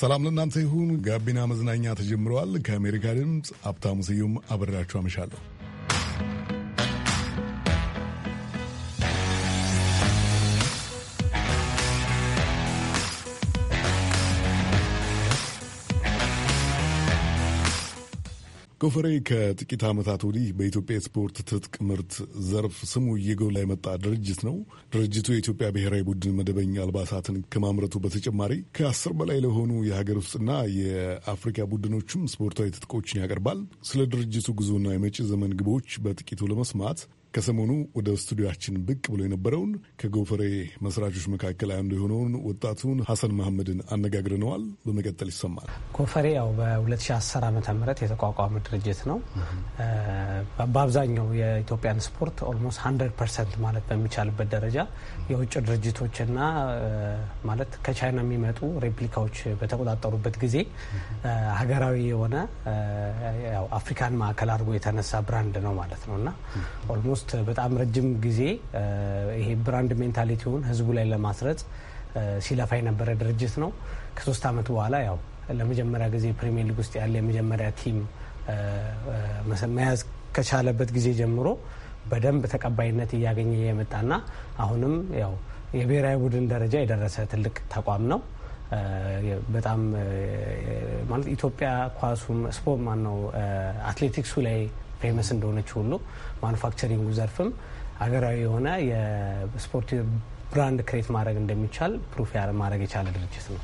ሰላም ለእናንተ ይሁን። ጋቢና መዝናኛ ተጀምረዋል። ከአሜሪካ ድምፅ ሀብታሙ ስዩም አበራችሁ አመሻለሁ። ጎፈሬ ከጥቂት ዓመታት ወዲህ በኢትዮጵያ የስፖርት ትጥቅ ምርት ዘርፍ ስሙ እየጎላ የመጣ ድርጅት ነው። ድርጅቱ የኢትዮጵያ ብሔራዊ ቡድን መደበኛ አልባሳትን ከማምረቱ በተጨማሪ ከአስር በላይ ለሆኑ የሀገር ውስጥና የአፍሪካ ቡድኖችም ስፖርታዊ ትጥቆችን ያቀርባል። ስለ ድርጅቱ ጉዞና የመጪ ዘመን ግቦች በጥቂቱ ለመስማት ከሰሞኑ ወደ ስቱዲያችን ብቅ ብሎ የነበረውን ከጎፈሬ መስራቾች መካከል አንዱ የሆነውን ወጣቱን ሀሰን መሐመድን አነጋግረነዋል። በመቀጠል ይሰማል። ጎፈሬ ያው በ2010 ዓ ም የተቋቋመ ድርጅት ነው። በአብዛኛው የኢትዮጵያን ስፖርት ኦልሞስት 100 ፐርሰንት ማለት በሚቻልበት ደረጃ የውጭ ድርጅቶችና ማለት ከቻይና የሚመጡ ሬፕሊካዎች በተቆጣጠሩበት ጊዜ ሀገራዊ የሆነ አፍሪካን ማዕከል አድርጎ የተነሳ ብራንድ ነው ማለት ነው እና ኦልሞስት ኦልሞስት በጣም ረጅም ጊዜ ይሄ ብራንድ ሜንታሊቲውን ህዝቡ ላይ ለማስረጽ ሲለፋ የነበረ ድርጅት ነው። ከሶስት አመት በኋላ ያው ለመጀመሪያ ጊዜ ፕሪሚየር ሊግ ውስጥ ያለ የመጀመሪያ ቲም መያዝ ከቻለበት ጊዜ ጀምሮ በደንብ ተቀባይነት እያገኘ የመጣና አሁንም ያው የብሔራዊ ቡድን ደረጃ የደረሰ ትልቅ ተቋም ነው። በጣም ማለት ኢትዮጵያ ኳሱም ስፖርት ማን ነው አትሌቲክሱ ላይ ፌመስ እንደሆነች ሁሉ ማኑፋክቸሪንጉ ዘርፍም ሀገራዊ የሆነ የስፖርት ብራንድ ክሬት ማድረግ እንደሚቻል ፕሩፍ ማድረግ የቻለ ድርጅት ነው።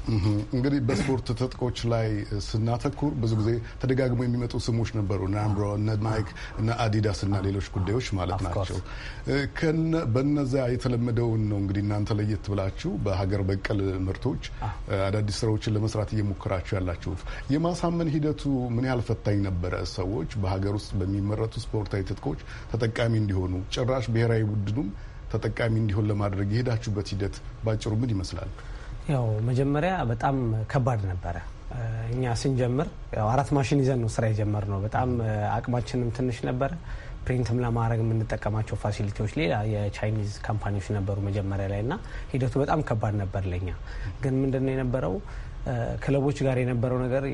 እንግዲህ በስፖርት ትጥቆች ላይ ስናተኩር ብዙ ጊዜ ተደጋግሞ የሚመጡ ስሞች ነበሩ፣ እነ እነ ናይክ፣ እነ አዲዳስ እና ሌሎች ጉዳዮች ማለት ናቸው። በነዚያ የተለመደውን ነው እንግዲህ እናንተ ለየት ብላችሁ በሀገር በቀል ምርቶች ah. አዳዲስ ስራዎችን ለመስራት እየሞከራችሁ ያላችሁ። የማሳመን ሂደቱ ምን ያህል ፈታኝ ነበረ? ሰዎች በሀገር ውስጥ በሚመረቱ ስፖርታዊ ትጥቆች ተጠቃሚ እንዲሆኑ ጭራሽ ብሔራዊ ቡድኑም ተጠቃሚ እንዲሆን ለማድረግ የሄዳችሁበት ሂደት ባጭሩ ምን ይመስላል? ያው መጀመሪያ በጣም ከባድ ነበረ። እኛ ስንጀምር አራት ማሽን ይዘን ነው ስራ የጀመር ነው። በጣም አቅማችንም ትንሽ ነበረ። ፕሪንትም ለማድረግ የምንጠቀማቸው ፋሲሊቲዎች ሌላ የቻይኒዝ ካምፓኒዎች ነበሩ መጀመሪያ ላይ እና ሂደቱ በጣም ከባድ ነበር ለኛ። ግን ምንድነው የነበረው ክለቦች ጋር የነበረው ነገር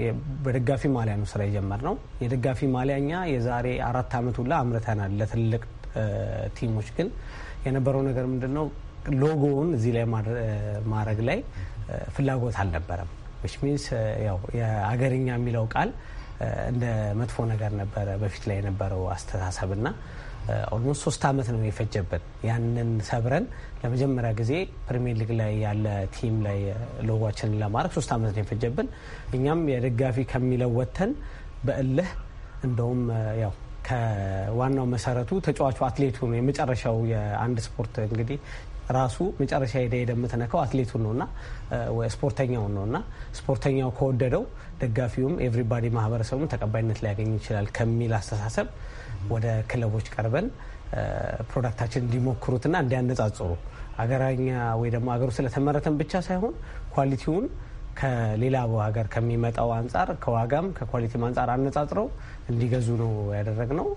በደጋፊ ማሊያ ነው ስራ የጀመር ነው። የደጋፊ ማሊያ እኛ የዛሬ አራት አመት ሁላ አምርተናል ለትልቅ ቲሞች ግን የነበረው ነገር ምንድን ነው? ሎጎውን እዚህ ላይ ማድረግ ላይ ፍላጎት አልነበረም። ዊች ሚንስ ያው የአገርኛ የሚለው ቃል እንደ መጥፎ ነገር ነበረ በፊት ላይ የነበረው ና ኦልሞስት ሶስት አመት ነው የፈጀብን ያንን ሰብረን ለመጀመሪያ ጊዜ ፕሪሚየር ሊግ ላይ ያለ ቲም ላይ ሎጓችንን ለማድረግ ሶስት አመት ነው የፈጀብን። እኛም የደጋፊ ከሚለው ወጥተን በእልህ እንደውም ያው ከዋናው መሰረቱ ተጫዋቹ አትሌቱ ነው። የመጨረሻው የአንድ ስፖርት እንግዲህ ራሱ መጨረሻ ሄደ የምትነካው አትሌቱን ነውና ስፖርተኛውን ነውና ስፖርተኛው ከወደደው ደጋፊውም ኤቭሪባዲ ማህበረሰቡም ተቀባይነት ሊያገኝ ይችላል ከሚል አስተሳሰብ ወደ ክለቦች ቀርበን ፕሮዳክታችን እንዲሞክሩትና እንዲያነጻጽሩ አገራኛ ወይ ደግሞ አገሩ ስለተመረተን ብቻ ሳይሆን ኳሊቲውን ከሌላው ሀገር ከሚመጣው አንጻር ከዋጋም ከኳሊቲም አንጻር አነጻጽረው እንዲገዙ ነው ያደረግ ነው።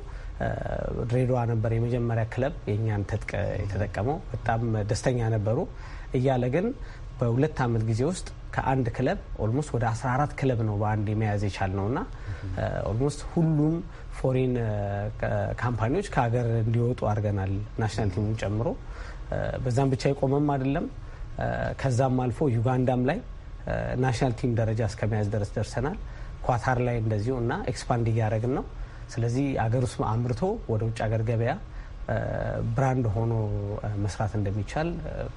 ድሬዳዋ ነበር የመጀመሪያ ክለብ የእኛን ትጥቅ የተጠቀመው። በጣም ደስተኛ ነበሩ። እያለ ግን በሁለት ዓመት ጊዜ ውስጥ ከአንድ ክለብ ኦልሞስት ወደ 14 ክለብ ነው በአንድ የመያዝ የቻል ነው እና ኦልሞስት ሁሉም ፎሪን ካምፓኒዎች ከሀገር እንዲወጡ አድርገናል፣ ናሽናል ቲሙን ጨምሮ። በዛም ብቻ የቆመም አይደለም። ከዛም አልፎ ዩጋንዳም ላይ ናሽናል ቲም ደረጃ እስከመያዝ ድረስ ደርሰናል። ኳታር ላይ እንደዚሁ እና ኤክስፓንድ እያደረግን ነው። ስለዚህ አገር ውስጥ አምርቶ ወደ ውጭ አገር ገበያ ብራንድ ሆኖ መስራት እንደሚቻል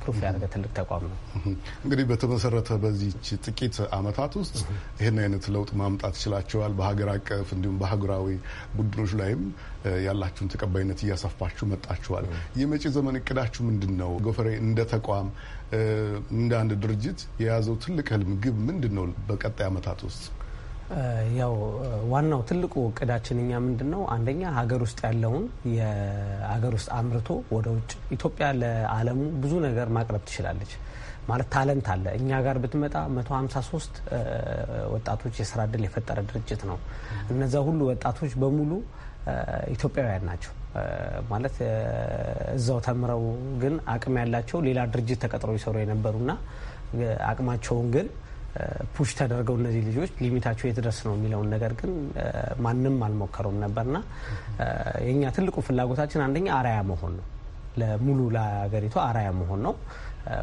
ፕሩፍ ያደረገ ትልቅ ተቋም ነው። እንግዲህ በተመሰረተ በዚች ጥቂት አመታት ውስጥ ይህን አይነት ለውጥ ማምጣት ይችላቸዋል። በሀገር አቀፍ እንዲሁም በሀገራዊ ቡድኖች ላይም ያላችሁን ተቀባይነት እያሰፋችሁ መጣችኋል። የመጪ ዘመን እቅዳችሁ ምንድን ነው? ጎፈሬ እንደ ተቋም እንደ አንድ ድርጅት የያዘው ትልቅ ህልም ግብ ምንድን ነው? በቀጣይ አመታት ውስጥ ያው ዋናው ትልቁ እቅዳችን እኛ ምንድን ነው፣ አንደኛ ሀገር ውስጥ ያለውን የሀገር ውስጥ አምርቶ ወደ ውጭ ኢትዮጵያ ለዓለሙ ብዙ ነገር ማቅረብ ትችላለች። ማለት ታለንት አለ። እኛ ጋር ብትመጣ 153 ወጣቶች የስራ እድል የፈጠረ ድርጅት ነው። እነዛ ሁሉ ወጣቶች በሙሉ ኢትዮጵያውያን ናቸው። ማለት እዛው ተምረው ግን አቅም ያላቸው ሌላ ድርጅት ተቀጥሮ ይሰሩ የነበሩና አቅማቸውን ግን ፑሽ ተደርገው እነዚህ ልጆች ሊሚታቸው የት ድረስ ነው የሚለውን ነገር ግን ማንም አልሞከረውም ነበርና የእኛ ትልቁ ፍላጎታችን አንደኛ አርአያ መሆን ነው፣ ለሙሉ ለሀገሪቱ አርአያ መሆን ነው።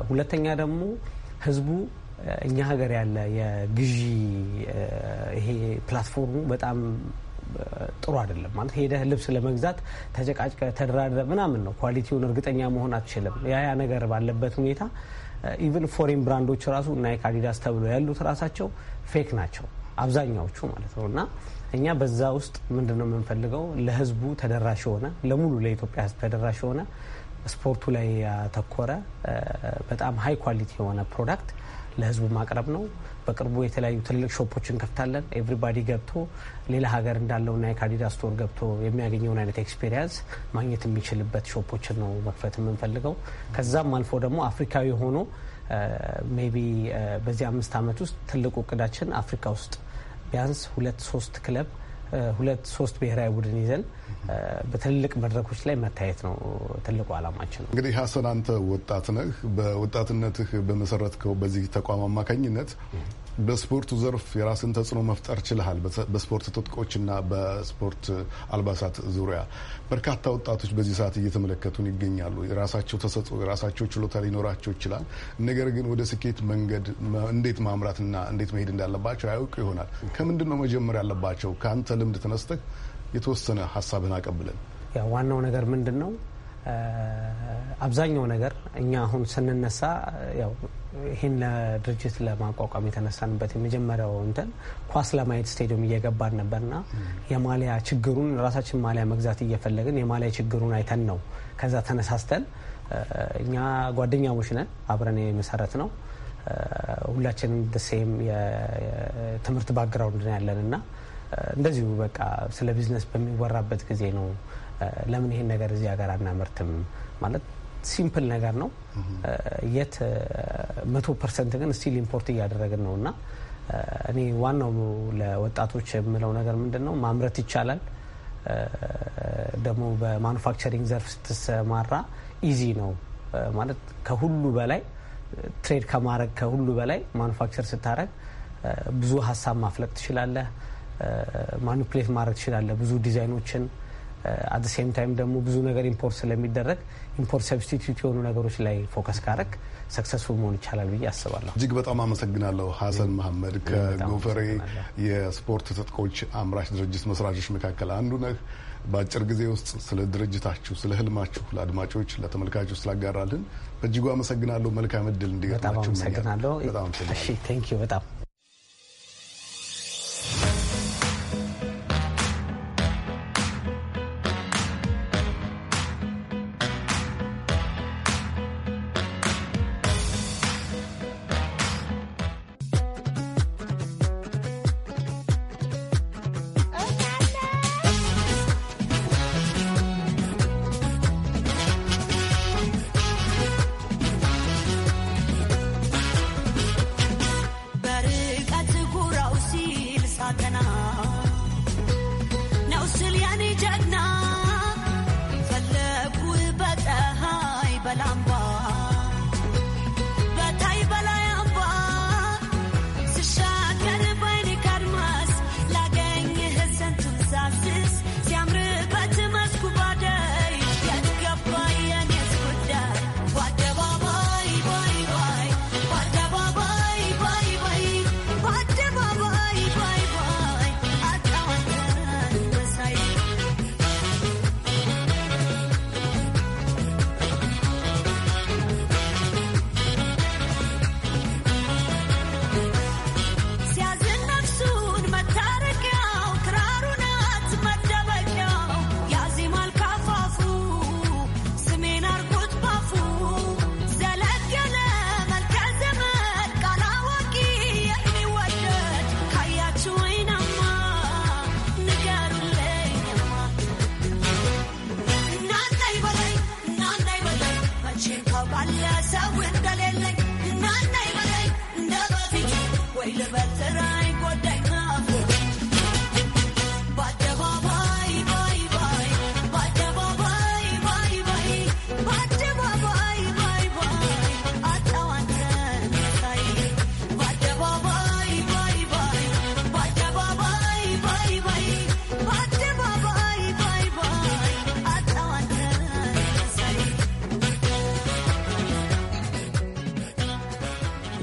ሁለተኛ ደግሞ ህዝቡ እኛ ሀገር ያለ የግዢ ይሄ ፕላትፎርሙ በጣም ጥሩ አይደለም። ማለት ሄደህ ልብስ ለመግዛት ተጨቃጭቀ ተደራድረ ምናምን ነው ኳሊቲውን እርግጠኛ መሆን አትችልም። ያያ ነገር ባለበት ሁኔታ ኢቨን ፎሬን ብራንዶች ራሱ ናይክ፣ አዲዳስ ተብሎ ያሉት ራሳቸው ፌክ ናቸው አብዛኛዎቹ ማለት ነው እና እኛ በዛ ውስጥ ምንድን ነው የምንፈልገው ለህዝቡ ተደራሽ የሆነ ለሙሉ ለኢትዮጵያ ህዝብ ተደራሽ የሆነ ስፖርቱ ላይ ያተኮረ በጣም ሀይ ኳሊቲ የሆነ ፕሮዳክት ለህዝቡ ማቅረብ ነው። በቅርቡ የተለያዩ ትልልቅ ሾፖች እንከፍታለን። ኤቭሪባዲ ገብቶ ሌላ ሀገር እንዳለውና የካዲዳ ስቶር ገብቶ የሚያገኘውን አይነት ኤክስፔሪንስ ማግኘት የሚችልበት ሾፖችን ነው መክፈት የምንፈልገው። ከዛም አልፎ ደግሞ አፍሪካዊ ሆኖ ሜቢ በዚህ አምስት ዓመት ውስጥ ትልቁ እቅዳችን አፍሪካ ውስጥ ቢያንስ ሁለት ሶስት ክለብ ሁለት ሶስት ብሔራዊ ቡድን ይዘን በትልልቅ መድረኮች ላይ መታየት ነው ትልቁ ዓላማችን ነው። እንግዲህ ሀሰን አንተ ወጣት ነህ። በወጣትነትህ በመሰረትከው በዚህ ተቋም አማካኝነት በስፖርቱ ዘርፍ የራስን ተጽዕኖ መፍጠር ችልሃል። በስፖርት ትጥቆችና በስፖርት አልባሳት ዙሪያ በርካታ ወጣቶች በዚህ ሰዓት እየተመለከቱን ይገኛሉ። የራሳቸው ተሰጥኦ፣ የራሳቸው ችሎታ ሊኖራቸው ይችላል። ነገር ግን ወደ ስኬት መንገድ እንዴት ማምራትና እንዴት መሄድ እንዳለባቸው አያውቁ ይሆናል። ከምንድን ነው መጀመር ያለባቸው? ከአንተ ልምድ ተነስተህ የተወሰነ ሀሳብህን አቀብለን። ዋናው ነገር ምንድን ነው? አብዛኛው ነገር እኛ አሁን ስንነሳ ያው ይህን ድርጅት ለማቋቋም የተነሳንበት የመጀመሪያው እንትን ኳስ ለማየት ስቴዲየም እየገባን ነበርና የማሊያ ችግሩን ራሳችን ማሊያ መግዛት እየፈለግን የማሊያ ችግሩን አይተን ነው። ከዛ ተነሳስተን እኛ ጓደኛሞች ነን፣ አብረን የመሰረት ነው። ሁላችንም ደሴም የትምህርት ባግራውንድ ያለን እና እንደዚሁ በቃ ስለ ቢዝነስ በሚወራበት ጊዜ ነው ለምን ይሄን ነገር እዚህ ሀገር አናመርትም ማለት ሲምፕል ነገር ነው። የት መቶ ፐርሰንት ግን ስቲል ኢምፖርት እያደረግን ነው እና እኔ ዋናው ለወጣቶች የምለው ነገር ምንድን ነው፣ ማምረት ይቻላል። ደግሞ በማኑፋክቸሪንግ ዘርፍ ስትሰማራ ኢዚ ነው ማለት ከሁሉ በላይ ትሬድ ከማድረግ ከሁሉ በላይ ማኑፋክቸር ስታደረግ ብዙ ሀሳብ ማፍለቅ ትችላለህ። ማኒፕሌት ማድረግ ትችላለህ ብዙ ዲዛይኖችን አት ሴም ታይም ደግሞ ብዙ ነገር ኢምፖርት ስለሚደረግ ኢምፖርት ሰብስቲቱት የሆኑ ነገሮች ላይ ፎከስ ካረግ ሰክሰስፉል መሆን ይቻላል ብዬ አስባለሁ። እጅግ በጣም አመሰግናለሁ ሀሰን መሐመድ ከጎፈሬ የስፖርት ትጥቆች አምራች ድርጅት መስራቾች መካከል አንዱ ነህ። በአጭር ጊዜ ውስጥ ስለ ድርጅታችሁ፣ ስለ ህልማችሁ ለአድማጮች ለተመልካቾች ስላጋራልን በእጅጉ አመሰግናለሁ። መልካም እድል እንዲገጥማችሁ። በጣም አመሰግናለሁ። በጣም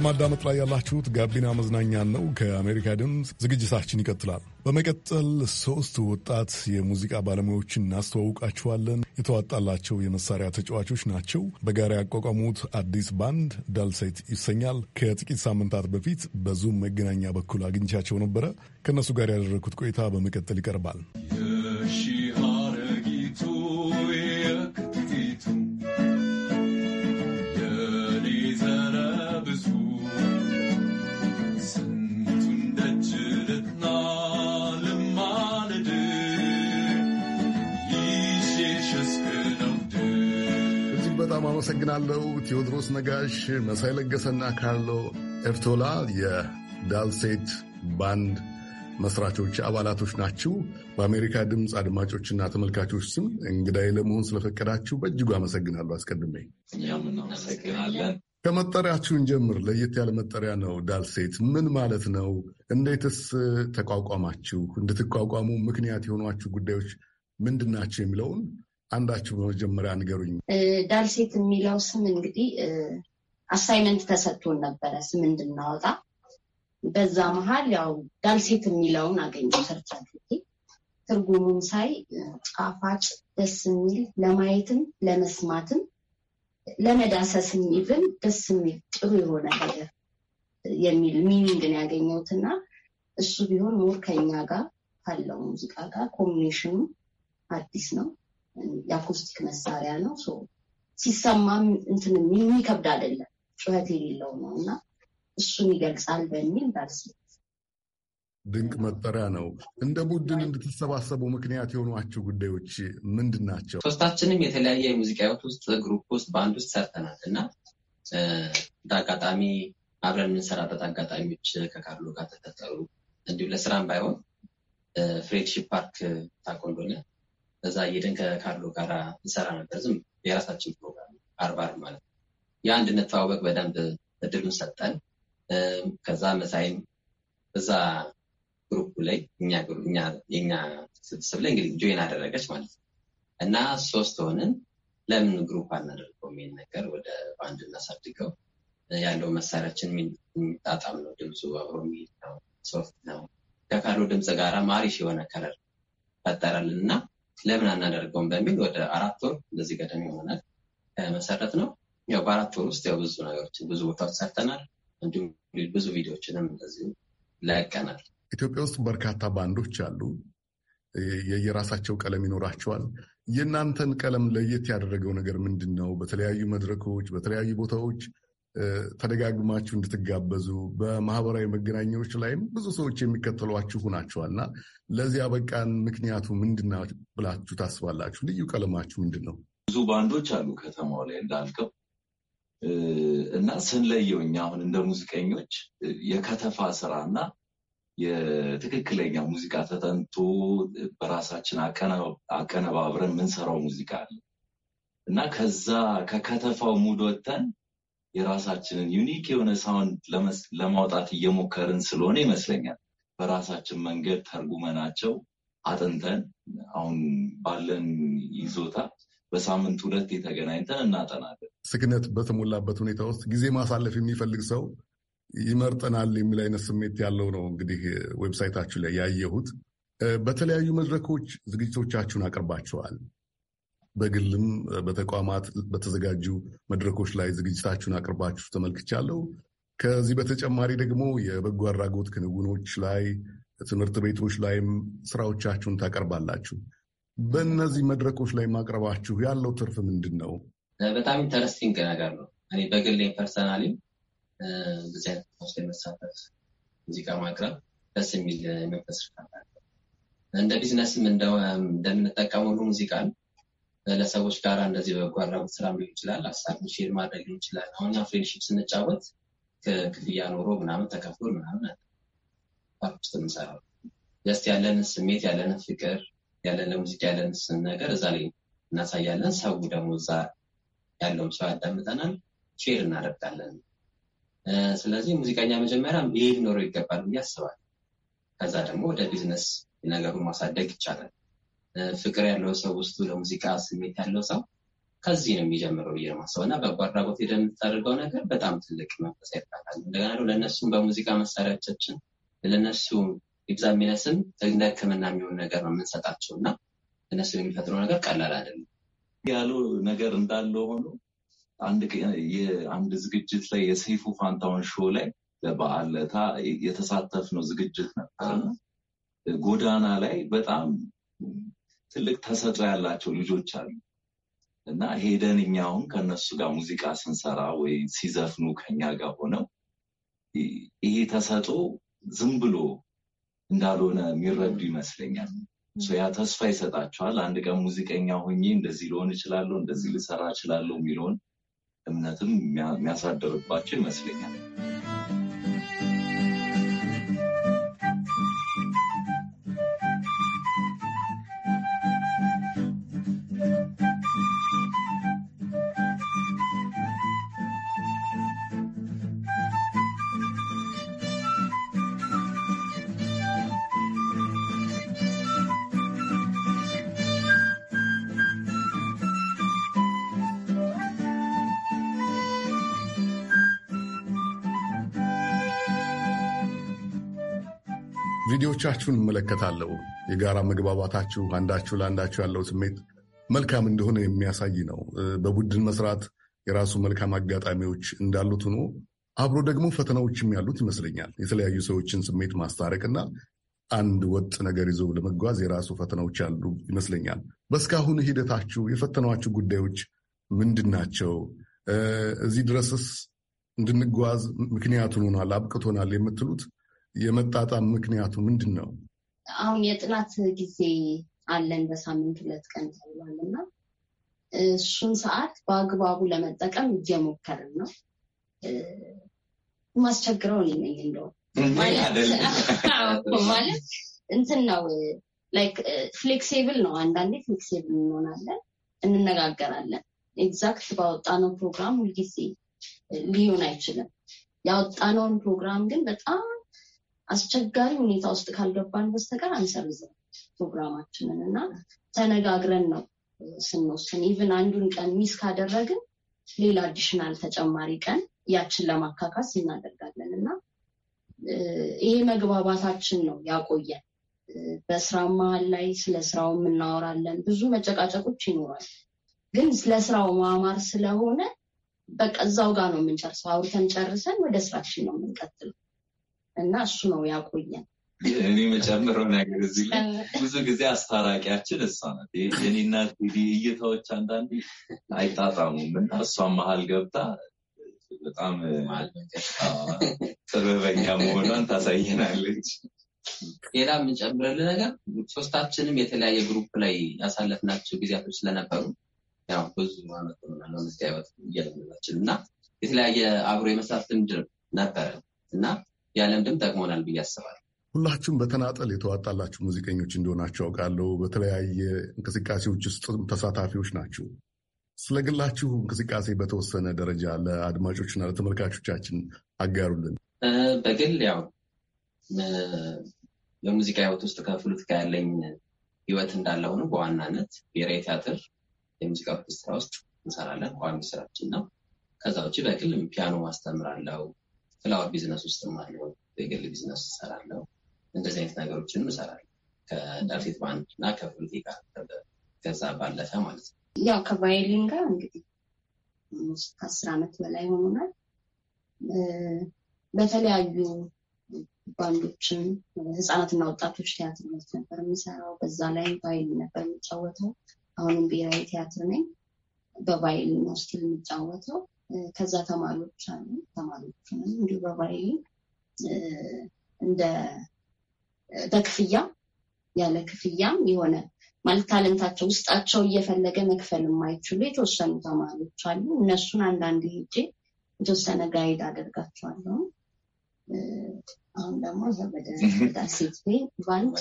በማዳመጥ ላይ ያላችሁት ጋቢና መዝናኛ ነው ከአሜሪካ ድምፅ። ዝግጅታችን ይቀጥላል። በመቀጠል ሶስት ወጣት የሙዚቃ ባለሙያዎችን እናስተዋውቃችኋለን። የተዋጣላቸው የመሳሪያ ተጫዋቾች ናቸው። በጋራ ያቋቋሙት አዲስ ባንድ ዳልሴት ይሰኛል። ከጥቂት ሳምንታት በፊት በዙም መገናኛ በኩል አግኝቻቸው ነበረ። ከእነሱ ጋር ያደረግኩት ቆይታ በመቀጠል ይቀርባል። አመሰግናለሁ። ቴዎድሮስ ነጋሽ፣ መሳይ ለገሰና ካርሎ ኤርቶላ የዳልሴት ባንድ መስራቾች አባላቶች ናችሁ። በአሜሪካ ድምፅ አድማጮችና ተመልካቾች ስም እንግዳይ ለመሆን ስለፈቀዳችሁ በእጅጉ አመሰግናለሁ። አስቀድሜ ከመጠሪያችሁን ጀምር። ለየት ያለ መጠሪያ ነው። ዳልሴት ምን ማለት ነው? እንዴትስ ተቋቋማችሁ? እንድትቋቋሙ ምክንያት የሆኗችሁ ጉዳዮች ምንድን ናቸው የሚለውን አንዳችሁ በመጀመሪያ ንገሩኝ። ዳልሴት የሚለው ስም እንግዲህ አሳይመንት ተሰጥቶን ነበረ ስም እንድናወጣ። በዛ መሀል ያው ዳልሴት የሚለውን አገኘው ሰርቻ ትርጉሙን ሳይ ጣፋጭ፣ ደስ የሚል ለማየትም ለመስማትም ለመዳሰስ ይብን ደስ የሚል ጥሩ የሆነ ነገር የሚል ሚኒንግን እና እሱ ቢሆን ሞር ከኛ ጋር ካለው ሙዚቃ ጋር ኮምቢኔሽኑ አዲስ ነው። የአኮስቲክ መሳሪያ ነው። ሲሰማም እንትን የሚከብድ አይደለም፣ ጩኸት የሌለው ነው እና እሱን ይገልጻል በሚል ባልስ ድንቅ መጠሪያ ነው። እንደ ቡድን እንድትሰባሰቡ ምክንያት የሆኗቸው ጉዳዮች ምንድን ናቸው? ሶስታችንም የተለያየ የሙዚቃ ህይወት ውስጥ ግሩፕ ውስጥ በአንድ ውስጥ ሰርተናል እና እንደ አጋጣሚ አብረን የምንሰራበት አጋጣሚዎች ከካርሎ ጋር ተፈጠሩ። እንዲሁም ለስራም ባይሆን ፍሬድሺፕ ፓርክ ታቆንዶነ ከዛ እየድን ከካርሎ ጋር እንሰራ ነበር። ዝም የራሳችን ፕሮግራም አርባር ማለት ነው። ያ እንድንተዋወቅ በደንብ እድሉን ሰጠን። ከዛ መሳይም እዛ ግሩፕ ላይ የኛ ስብስብ ላይ እንግዲህ ጆይን አደረገች ማለት ነው እና ሶስት ሆንን። ለምን ግሩፕ አናደርገው የሚል ነገር ወደ ባንድ እናሳድገው ያለው መሳሪያችን የሚጣጣም ነው። ድምፁ አብሮ የሚሄድ ነው። ሶፍት ነው። ከካርሎ ድምፅ ጋራ ማሪሽ የሆነ ከለር ፈጠረልን እና ለምን አናደርገውም በሚል ወደ አራት ወር እንደዚህ ገደም ይሆናል መሰረት ነው። ያው በአራት ወር ውስጥ ያው ብዙ ነገሮችን ብዙ ቦታዎች ሰርተናል። እንዲሁም ብዙ ቪዲዮችንም እንደዚሁ ለቀናል። ኢትዮጵያ ውስጥ በርካታ ባንዶች አሉ። የየራሳቸው ቀለም ይኖራቸዋል። የእናንተን ቀለም ለየት ያደረገው ነገር ምንድን ነው? በተለያዩ መድረኮች፣ በተለያዩ ቦታዎች ተደጋግማችሁ እንድትጋበዙ በማህበራዊ መገናኛዎች ላይም ብዙ ሰዎች የሚከተሏችሁ ናቸዋልና ለዚያ በቃን ምክንያቱ ምንድን ነው ብላችሁ ታስባላችሁ? ልዩ ቀለማችሁ ምንድን ነው? ብዙ ባንዶች አሉ ከተማው ላይ እንዳልከው እና ስንለየው እኛ አሁን እንደ ሙዚቀኞች የከተፋ ስራ እና የትክክለኛ ሙዚቃ ተጠንቶ በራሳችን አቀነባብረን የምንሰራው ሙዚቃ አለ እና ከዛ ከከተፋው ሙድ ወጥተን የራሳችንን ዩኒክ የሆነ ሳውንድ ለማውጣት እየሞከርን ስለሆነ ይመስለኛል በራሳችን መንገድ ተርጉመናቸው አጥንተን አሁን ባለን ይዞታ በሳምንት ሁለት የተገናኝተን እናጠናለን። ስክነት በተሞላበት ሁኔታ ውስጥ ጊዜ ማሳለፍ የሚፈልግ ሰው ይመርጠናል የሚል አይነት ስሜት ያለው ነው። እንግዲህ ዌብሳይታችሁ ላይ ያየሁት በተለያዩ መድረኮች ዝግጅቶቻችሁን አቅርባችኋል። በግልም በተቋማት በተዘጋጁ መድረኮች ላይ ዝግጅታችሁን አቅርባችሁ ተመልክቻለሁ። ከዚህ በተጨማሪ ደግሞ የበጎ አድራጎት ክንውኖች ላይ ትምህርት ቤቶች ላይም ስራዎቻችሁን ታቀርባላችሁ። በእነዚህ መድረኮች ላይ ማቅረባችሁ ያለው ትርፍ ምንድን ነው? በጣም ኢንተረስቲንግ ነገር ነው። እኔ በግሌም ፐርሰናሊ ብዙ አይነት ቦታዎች ሙዚቃ ማቅረብ ደስ የሚል መንፈስ እንደ ቢዝነስም እንደምንጠቀመው ሙዚቃ ነው ለሰዎች ጋር እንደዚህ በጎ አድራጎት ስራ ሊሆን ይችላል፣ ሀሳብ ሼር ማድረግ ሊሆን ይችላል። አሁን ፍሬንድሺፕ ስንጫወት ክፍያ ኖሮ ምናምን ተከፍሎ ምናምን ፓርክ ውስጥ የምንሰራው ጀስት ስሜት ያለንን ፍቅር ያለን ለሙዚቃ ያለን ነገር እዛ ላይ እናሳያለን። ሰው ደግሞ እዛ ያለውም ሰው ያዳምጠናል፣ ሼር እናደርጋለን። ስለዚህ ሙዚቀኛ መጀመሪያ ይህ ኖሮ ይገባል ብዬ አስባለሁ። ከዛ ደግሞ ወደ ቢዝነስ ነገሩን ማሳደግ ይቻላል። ፍቅር ያለው ሰው ውስጡ ለሙዚቃ ስሜት ያለው ሰው ከዚህ ነው የሚጀምረው ብዬ ማስበው እና በጎ አድራጎት የምታደርገው ነገር በጣም ትልቅ መንፈስ ያካታል። እንደገና ነው ለእነሱም በሙዚቃ መሳሪያዎቻችን ለእነሱ ይብዛ የሚነስም እንደ ሕክምና የሚሆን ነገር ነው የምንሰጣቸው እና እነሱ የሚፈጥረው ነገር ቀላል አይደለም ያሉ ነገር እንዳለው ሆኖ አንድ ዝግጅት ላይ የሰይፉ ፋንታውን ሾ ላይ የተሳተፍ ነው ዝግጅት ነበር። ጎዳና ላይ በጣም ትልቅ ተሰጥኦ ያላቸው ልጆች አሉ እና ሄደን እኛ አሁን ከእነሱ ጋር ሙዚቃ ስንሰራ ወይ ሲዘፍኑ ከኛ ጋር ሆነው ይሄ ተሰጦ ዝም ብሎ እንዳልሆነ የሚረዱ ይመስለኛል። ያ ተስፋ ይሰጣቸዋል። አንድ ቀን ሙዚቀኛ ሆኜ እንደዚህ ልሆን እችላለሁ፣ እንደዚህ ልሰራ እችላለሁ የሚለውን እምነትም የሚያሳድርባቸው ይመስለኛል። ምርጫችሁን እመለከታለሁ። የጋራ መግባባታችሁ፣ አንዳችሁ ለአንዳችሁ ያለው ስሜት መልካም እንደሆነ የሚያሳይ ነው። በቡድን መስራት የራሱ መልካም አጋጣሚዎች እንዳሉት ሆኖ አብሮ ደግሞ ፈተናዎችም ያሉት ይመስለኛል። የተለያዩ ሰዎችን ስሜት ማስታረቅና አንድ ወጥ ነገር ይዞ ለመጓዝ የራሱ ፈተናዎች ያሉ ይመስለኛል። በእስካሁን ሂደታችሁ የፈተኗችሁ ጉዳዮች ምንድን ናቸው? እዚህ ድረስስ እንድንጓዝ ምክንያቱን ሆናል አብቅቶናል የምትሉት የመጣጣም ምክንያቱ ምንድን ነው? አሁን የጥናት ጊዜ አለን በሳምንት ሁለት ቀን ተብሏል እና እሱን ሰዓት በአግባቡ ለመጠቀም እየሞከርን ነው። ማስቸግረው እኔ ነኝ እንደው ማለት እንትን ነው ላይክ ፍሌክሲብል ነው። አንዳንዴ ፍሌክሲብል እንሆናለን፣ እንነጋገራለን። ኤግዛክት ባወጣነው ፕሮግራም ሁልጊዜ ሊሆን አይችልም። ያወጣነውን ፕሮግራም ግን በጣም አስቸጋሪ ሁኔታ ውስጥ ካልገባን በስተቀር አንሰርዝም ፕሮግራማችንን እና ተነጋግረን ነው ስንወስን። ኢቭን አንዱን ቀን ሚስ ካደረግን ሌላ አዲሽናል ተጨማሪ ቀን ያችን ለማካካስ እናደርጋለን እና ይሄ መግባባታችን ነው ያቆየን። በስራ መሀል ላይ ስለ ስራው የምናወራለን። ብዙ መጨቃጨቆች ይኖራል፣ ግን ስለ ስራው ማማር ስለሆነ በቃ እዛው ጋር ነው የምንጨርሰው። አውርተን ጨርሰን ወደ ስራችን ነው የምንቀጥለው። እና እሱ ነው ያቆየን። እኔ መጨምረው ነገር እዚህ ላይ ብዙ ጊዜ አስታራቂያችን እሷ ናት። የኔና ቴዲ እይታዎች አንዳንዴ አይጣጣሙም እና እሷን መሀል ገብታ በጣም ጥበበኛ መሆኗን ታሳየናለች። ሌላ የምንጨምርልን ነገር ሶስታችንም የተለያየ ግሩፕ ላይ ያሳለፍናቸው ጊዜያቶች ስለነበሩ ያው ብዙ ማለት ነው እና የተለያየ አብሮ የመስራት ልምድ ነበረ እና ያለም ድምፅ ጠቅሞናል ብዬ አስባለሁ። ሁላችሁም በተናጠል የተዋጣላችሁ ሙዚቀኞች እንደሆናችሁ አውቃለሁ። በተለያየ እንቅስቃሴዎች ውስጥ ተሳታፊዎች ናችሁ። ስለ ግላችሁ እንቅስቃሴ በተወሰነ ደረጃ ለአድማጮችና ለተመልካቾቻችን አጋሩልን። በግል ያው በሙዚቃ ህይወት ውስጥ ከፍሉት ጋር ያለኝ ሕይወት እንዳለ ሆኖ በዋናነት ብሔራዊ ቲያትር የሙዚቃ ኦርኬስትራ ውስጥ እንሰራለን፣ ቋሚ ስራችን ነው። ከዛ ውጭ በግል ፒያኖ ማስተምራለው፣ ፍላወር ቢዝነስ ውስጥም አለው። የግል ቢዝነስ እሰራለሁ። እንደዚህ አይነት ነገሮችን እሰራለሁ ከዳልፌት ባንድ እና ከፖለቲካ ከዛ ባለፈ ማለት ነው። ያው ከቫዮሊን ጋር እንግዲህ ከአስር ዓመት በላይ ሆኖናል። በተለያዩ ባንዶችን ህጻናትና ወጣቶች ቲያትር ቤት ነበር የሚሰራው። በዛ ላይ ቫዮሊን ነበር የሚጫወተው። አሁንም ብሔራዊ ቲያትር ነኝ። በቫዮሊን ውስጥ የሚጫወተው ከዛ ተማሪዎች አሉ። ተማሪዎቹንም እንዲሁ በባይሌ እንደ በክፍያ ያለ ክፍያም የሆነ ማለት ታለንታቸው ውስጣቸው እየፈለገ መክፈል የማይችሉ የተወሰኑ ተማሪዎች አሉ። እነሱን አንዳንድ ሄጄ የተወሰነ ጋይድ አደርጋቸዋለሁ። አሁን ደግሞ ሴት ባንክ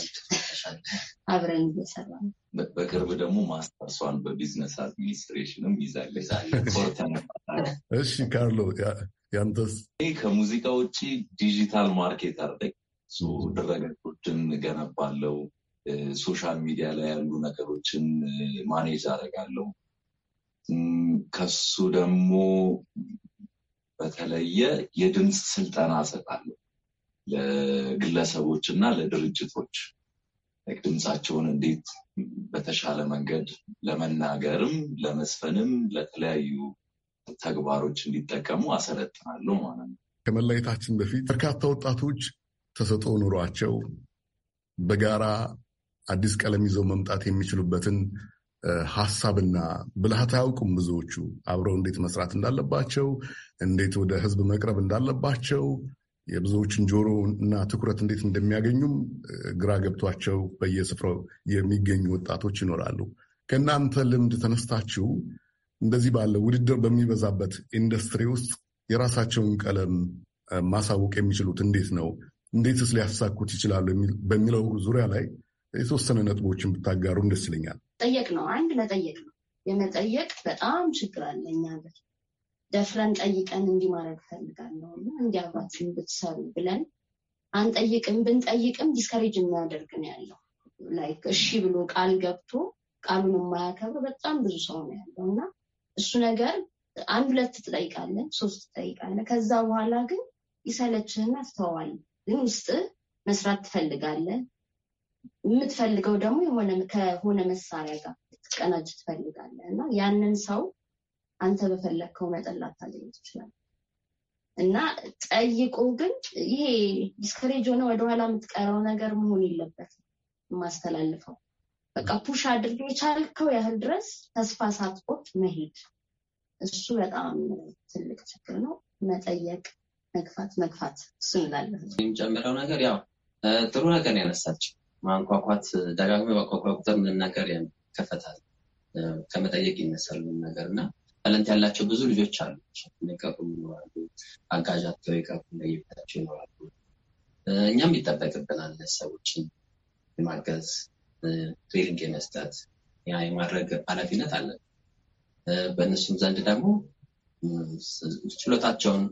አብረን እየሰራ ነው። በቅርብ ደግሞ ማስተርሷን በቢዝነስ አድሚኒስትሬሽንም ይዛለች። እሺ ካርሎ ያንተስ? ይህ ከሙዚቃ ውጭ ዲጂታል ማርኬት አርደግ ድረገጦችን ገነባለው፣ ሶሻል ሚዲያ ላይ ያሉ ነገሮችን ማኔጅ አደርጋለሁ። ከሱ ደግሞ በተለየ የድምፅ ስልጠና እሰጣለሁ። ለግለሰቦች እና ለድርጅቶች ድምፃቸውን እንዴት በተሻለ መንገድ ለመናገርም ለመስፈንም ለተለያዩ ተግባሮች እንዲጠቀሙ አሰለጥናሉ ማለት ነው። ከመለየታችን በፊት በርካታ ወጣቶች ተሰጥኦ ኑሯቸው በጋራ አዲስ ቀለም ይዘው መምጣት የሚችሉበትን ሀሳብና ብልሃት አያውቁም። ብዙዎቹ አብረው እንዴት መስራት እንዳለባቸው፣ እንዴት ወደ ህዝብ መቅረብ እንዳለባቸው የብዙዎችን ጆሮ እና ትኩረት እንዴት እንደሚያገኙም ግራ ገብቷቸው በየስፍራው የሚገኙ ወጣቶች ይኖራሉ። ከእናንተ ልምድ ተነስታችሁ እንደዚህ ባለ ውድድር በሚበዛበት ኢንዱስትሪ ውስጥ የራሳቸውን ቀለም ማሳወቅ የሚችሉት እንዴት ነው? እንዴትስ ሊያሳኩት ይችላሉ? በሚለው ዙሪያ ላይ የተወሰነ ነጥቦችን ብታጋሩ ደስ ይለኛል። ጠየቅ ነው አንድ መጠየቅ ነው። የመጠየቅ በጣም ችግር አለ እኛ ደፍረን ጠይቀን እንዲህ ማድረግ ፈልጋለሁ እና እንዲህ ብትሰሩ ብለን አንጠይቅም። ብንጠይቅም ዲስከሬጅ የሚያደርግ ነው ያለው። ላይክ እሺ ብሎ ቃል ገብቶ ቃሉን የማያከብር በጣም ብዙ ሰው ነው ያለው እና እሱ ነገር አንድ ሁለት ትጠይቃለህ፣ ሶስት ትጠይቃለህ። ከዛ በኋላ ግን ይሰለችህና ትተዋል። ግን ውስጥ መስራት ትፈልጋለ የምትፈልገው ደግሞ ከሆነ መሳሪያ ጋር ትቀናጅ ትፈልጋለህ እና ያንን ሰው አንተ በፈለግከው መጠን ላታገኝ ትችላል እና ጠይቆ ግን ይሄ ዲስከሬጅ ሆነ ወደኋላ የምትቀረው ነገር መሆን የለበትም። የማስተላልፈው በቃ ፑሽ አድርገ የቻልከው ያህል ድረስ ተስፋ ሳትቆርጥ መሄድ፣ እሱ በጣም ትልቅ ችግር ነው። መጠየቅ፣ መግፋት መግፋት እሱ እንላለን። የሚጨምረው ነገር ያው ጥሩ ነገር ያነሳችው ማንኳኳት፣ ደጋግሞ ማንኳኳ ቁጥር ምንም ነገር ከፈታል ከመጠየቅ ይነሳል ነገር እና ታለንት ያላቸው ብዙ ልጆች አሉ። ሚቀቁ ይኖራሉ፣ አጋዣቸው ይቀቁ የቀሩ ይኖራሉ። እኛም ይጠበቅብናል ሰዎችን የማገዝ ትሬኒንግ የመስጠት ያ የማድረግ ኃላፊነት አለ። በእነሱም ዘንድ ደግሞ ችሎታቸውን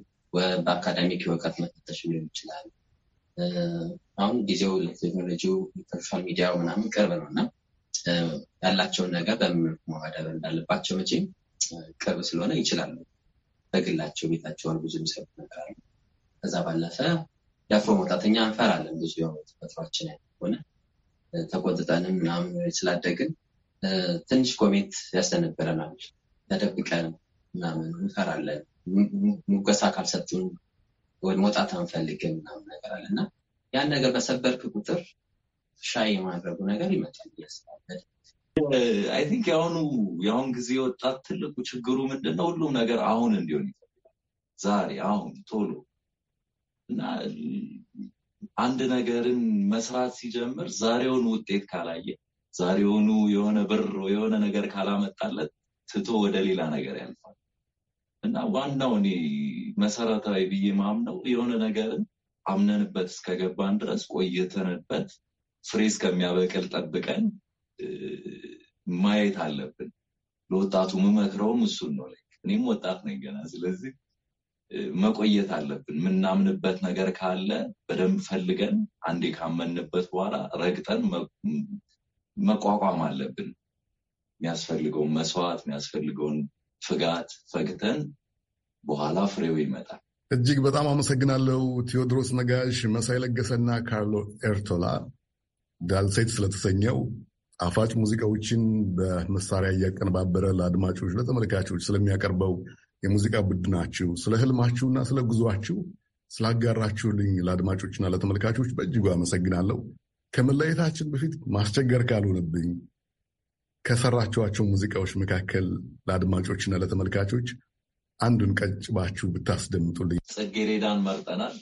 በአካዳሚክ እውቀት መፈተሽ ሊሆን ይችላል። አሁን ጊዜው ለቴክኖሎጂው ሶሻል ሚዲያው ምናምን ቅርብ ነው እና ያላቸውን ነገር በምን ማዳበር እንዳለባቸው መቼም ቅርብ ስለሆነ ይችላሉ። በግላቸው ቤታቸውን ብዙ የሚሰሩ ነገር አለ። ከዛ ባለፈ የአፍሮ መውጣተኛ እንፈራለን። ብዙ የሆነ ተፈጥሯችን ሆነ ተቆጥጠንም ምናምን ስላደግን ትንሽ ኮሜት ያስደነበረናል። ተደብቀን ምናምን እንፈራለን። ሙገሳ ካልሰጡን መውጣት አንፈልግም ምናምን ነገር አለ እና ያን ነገር በሰበርክ ቁጥር ሻይ የማድረጉ ነገር ይመጣል። አይ ቲንክ የአሁኑ የአሁን ጊዜ ወጣት ትልቁ ችግሩ ምንድን ነው? ሁሉም ነገር አሁን እንዲሆን ይፈልጋል። ዛሬ፣ አሁን፣ ቶሎ እና አንድ ነገርን መስራት ሲጀምር ዛሬውን ውጤት ካላየ ዛሬውኑ የሆነ ብር የሆነ ነገር ካላመጣለት ትቶ ወደ ሌላ ነገር ያልፋል እና ዋናው እኔ መሰረታዊ ብዬ ማምነው የሆነ ነገርን አምነንበት እስከገባን ድረስ ቆይተንበት ፍሬ እስከሚያበቅል ጠብቀን ማየት አለብን። ለወጣቱ ምመክረውም እሱን ነው። እኔም ወጣት ነኝ ገና። ስለዚህ መቆየት አለብን። የምናምንበት ነገር ካለ በደንብ ፈልገን አንዴ ካመንበት በኋላ ረግጠን መቋቋም አለብን። የሚያስፈልገውን መስዋዕት፣ የሚያስፈልገውን ፍጋት ፈግተን በኋላ ፍሬው ይመጣል። እጅግ በጣም አመሰግናለሁ። ቴዎድሮስ ነጋሽ፣ መሳይ ለገሰና ካርሎ ኤርቶላ ዳልሴት ስለተሰኘው ጣፋጭ ሙዚቃዎችን በመሳሪያ እያቀነባበረ ለአድማጮች ለተመልካቾች ስለሚያቀርበው የሙዚቃ ቡድናችሁ፣ ስለ ህልማችሁና ስለ ጉዟችሁ ስላጋራችሁልኝ ለአድማጮችና ለተመልካቾች በእጅጉ አመሰግናለሁ። ከመለየታችን በፊት ማስቸገር ካልሆነብኝ ከሰራችኋቸው ሙዚቃዎች መካከል ለአድማጮችና ለተመልካቾች አንዱን ቀጭባችሁ ብታስደምጡልኝ። ጽጌሬዳን መርጠናል።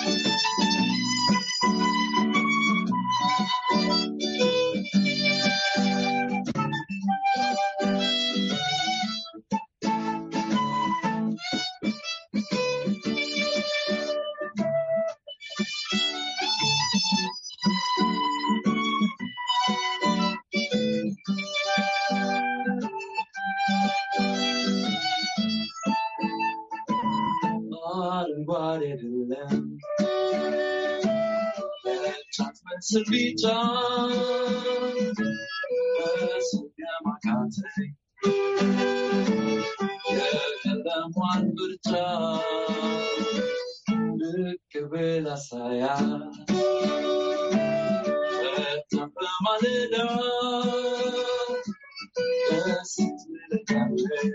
Thank you. to be done. Yes, yeah, my God, yeah, and I'm one but done. Look at where I it's a little country.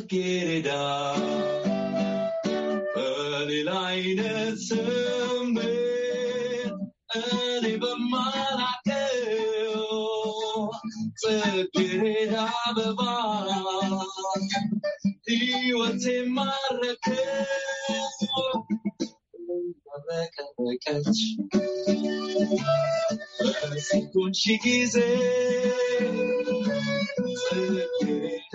ጽጌረዳ በሌላ አይነት ስሜት እኔ በማላቀው ጽጌረዳ አበባ ሕይወቴ ማረከው ተበቀበቀች በሲኮንሺ ጊዜ ጽጌረዳ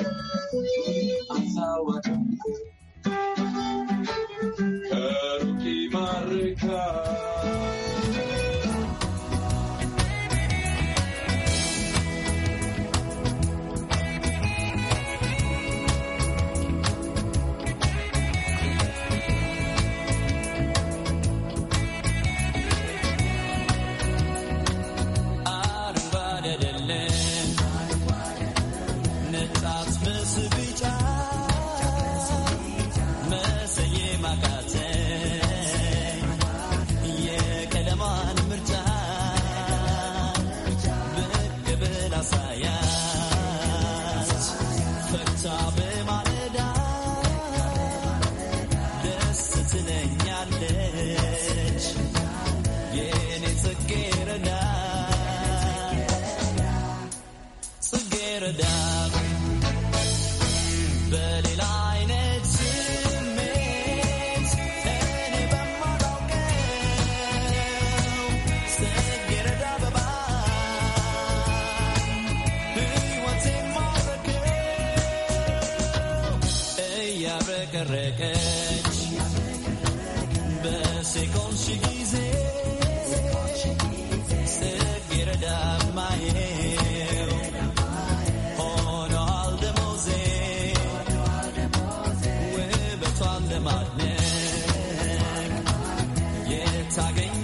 I